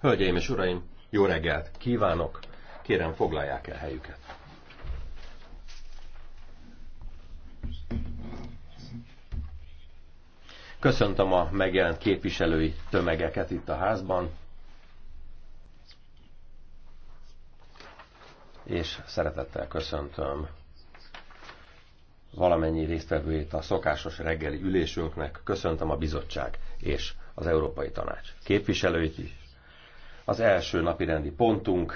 Hölgyeim és uraim, jó reggelt kívánok! Kérem, foglalják el helyüket. Köszöntöm a megjelent képviselői tömegeket itt a házban, és szeretettel köszöntöm valamennyi résztvevőjét a szokásos reggeli ülésünknek köszöntöm a bizottság és az Európai Tanács képviselőit is, az első napi rendi pontunk